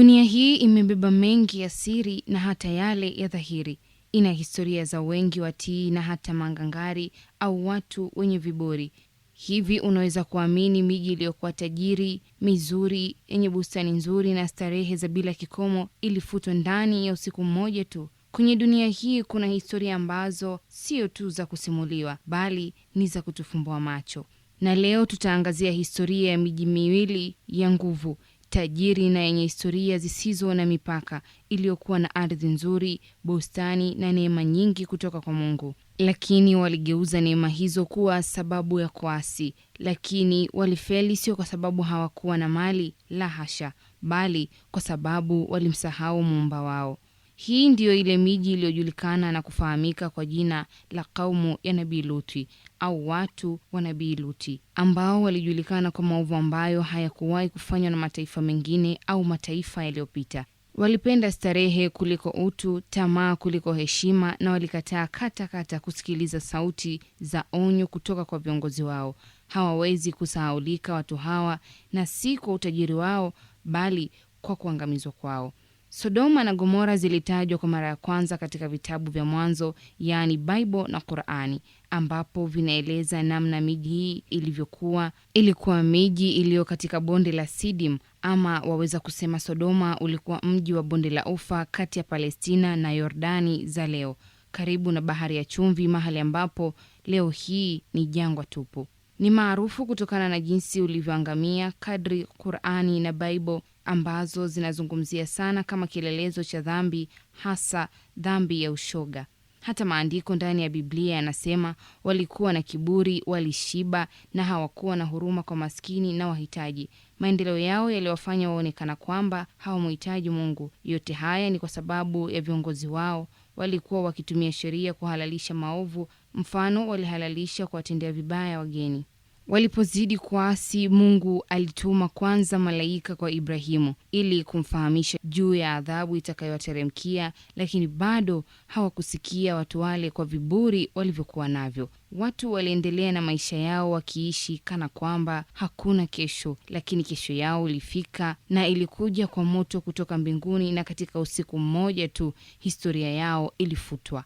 Dunia hii imebeba mengi ya siri na hata yale ya dhahiri. Ina historia za wengi watii na hata mangangari au watu wenye vibori Hivi unaweza kuamini miji iliyokuwa tajiri, mizuri, yenye bustani nzuri na starehe za bila kikomo ilifutwa ndani ya usiku mmoja tu? Kwenye dunia hii kuna historia ambazo sio tu za kusimuliwa, bali ni za kutufumbua macho, na leo tutaangazia historia ya miji miwili ya nguvu tajiri na yenye historia zisizo na mipaka iliyokuwa na ardhi nzuri, bustani na neema nyingi kutoka kwa Mungu, lakini waligeuza neema hizo kuwa sababu ya kuasi. Lakini walifeli sio kwa sababu hawakuwa na mali, la hasha, bali kwa sababu walimsahau muumba wao. Hii ndiyo ile miji iliyojulikana na kufahamika kwa jina la kaumu ya Nabii Luti au watu wa Nabii Luti ambao walijulikana kwa maovu ambayo hayakuwahi kufanywa na mataifa mengine au mataifa yaliyopita. Walipenda starehe kuliko utu, tamaa kuliko heshima, na walikataa kata kata kusikiliza sauti za onyo kutoka kwa viongozi wao. Hawawezi kusahaulika watu hawa, na si kwa utajiri wao, bali kwa kuangamizwa kwao. Sodoma na Gomora zilitajwa kwa mara ya kwanza katika vitabu vya Mwanzo, yaani Bible na Qurani, ambapo vinaeleza namna miji hii ilivyokuwa. Ilikuwa miji iliyo katika bonde la Sidim, ama waweza kusema Sodoma ulikuwa mji wa bonde la ufa kati ya Palestina na Yordani za leo, karibu na bahari ya chumvi, mahali ambapo leo hii ni jangwa tupu. Ni maarufu kutokana na jinsi ulivyoangamia kadri Qurani na Bible ambazo zinazungumzia sana kama kielelezo cha dhambi, hasa dhambi ya ushoga. Hata maandiko ndani ya Biblia yanasema walikuwa na kiburi, walishiba na hawakuwa na huruma kwa maskini na wahitaji. Maendeleo yao yaliwafanya waonekana kwamba hawamhitaji Mungu. Yote haya ni kwa sababu ya viongozi wao walikuwa wakitumia sheria kuhalalisha maovu. Mfano, walihalalisha kuwatendea vibaya wageni. Walipozidi kuasi, Mungu alituma kwanza malaika kwa Ibrahimu ili kumfahamisha juu ya adhabu itakayowateremkia, lakini bado hawakusikia watu wale kwa viburi walivyokuwa navyo. Watu waliendelea na maisha yao wakiishi kana kwamba hakuna kesho, lakini kesho yao ilifika na ilikuja kwa moto kutoka mbinguni, na katika usiku mmoja tu historia yao ilifutwa.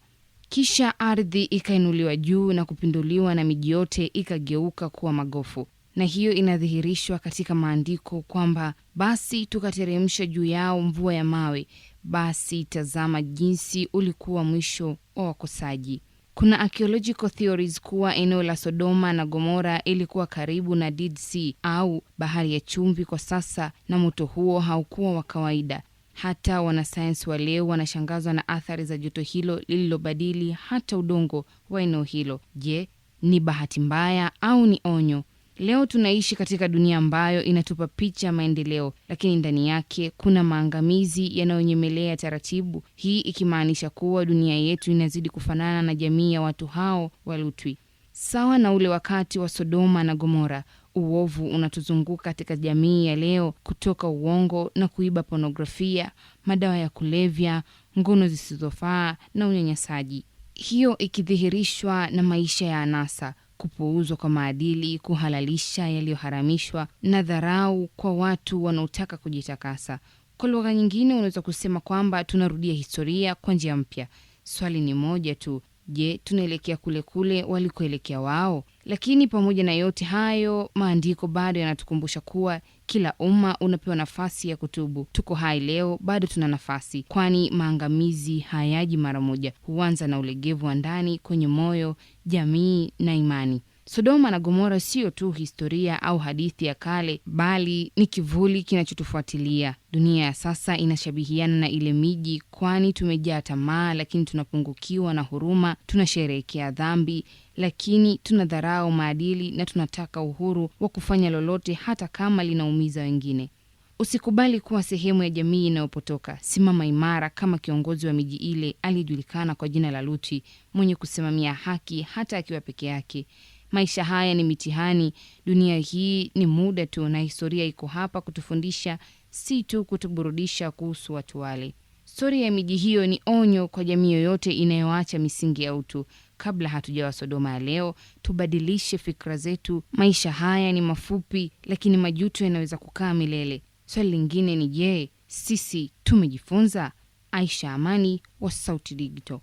Kisha ardhi ikainuliwa juu na kupinduliwa na miji yote ikageuka kuwa magofu, na hiyo inadhihirishwa katika maandiko kwamba, basi tukateremsha juu yao mvua ya mawe, basi tazama jinsi ulikuwa mwisho wa wakosaji. Kuna archaeological theories kuwa eneo la Sodoma na Gomora ilikuwa karibu na Dead au bahari ya chumvi kwa sasa, na moto huo haukuwa wa kawaida hata wanasayansi wa leo wanashangazwa na athari za joto hilo lililobadili hata udongo wa eneo hilo. Je, ni bahati mbaya au ni onyo? Leo tunaishi katika dunia ambayo inatupa picha ya maendeleo, lakini ndani yake kuna maangamizi yanayonyemelea taratibu, hii ikimaanisha kuwa dunia yetu inazidi kufanana na jamii ya watu hao wa Lutwi, sawa na ule wakati wa Sodoma na Gomora. Uovu unatuzunguka katika jamii ya leo, kutoka uongo na kuiba, ponografia madawa ya kulevya, ngono zisizofaa na unyanyasaji, hiyo ikidhihirishwa na maisha ya anasa, kupuuzwa kwa maadili, kuhalalisha yaliyoharamishwa na dharau kwa watu wanaotaka kujitakasa. Kwa lugha nyingine, unaweza kusema kwamba tunarudia historia kwa njia mpya. Swali ni moja tu, Je, tunaelekea kule kule walikoelekea wao? Lakini pamoja na yote hayo, maandiko bado yanatukumbusha kuwa kila umma unapewa nafasi ya kutubu. Tuko hai leo, bado tuna nafasi, kwani maangamizi hayaji mara moja, huanza na ulegevu wa ndani kwenye moyo, jamii na imani. Sodoma na Gomora sio tu historia au hadithi ya kale, bali ni kivuli kinachotufuatilia. Dunia ya sasa inashabihiana na ile miji, kwani tumejaa tamaa, lakini tunapungukiwa na huruma. Tunasherehekea dhambi, lakini tunadharau maadili, na tunataka uhuru wa kufanya lolote, hata kama linaumiza wengine. Usikubali kuwa sehemu ya jamii inayopotoka. Simama imara kama kiongozi wa miji ile aliyejulikana kwa jina la Luti, mwenye kusimamia haki hata akiwa peke yake. Maisha haya ni mitihani, dunia hii ni muda tu, na historia iko hapa kutufundisha, si tu kutuburudisha kuhusu watu wale. Stori ya miji hiyo ni onyo kwa jamii yoyote inayoacha misingi ya utu. Kabla hatujawa Sodoma ya leo, tubadilishe fikra zetu. Maisha haya ni mafupi, lakini majuto yanaweza kukaa milele. Swali lingine ni je, sisi tumejifunza? Aisha Amani wa Sauti Digital.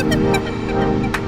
Thank you.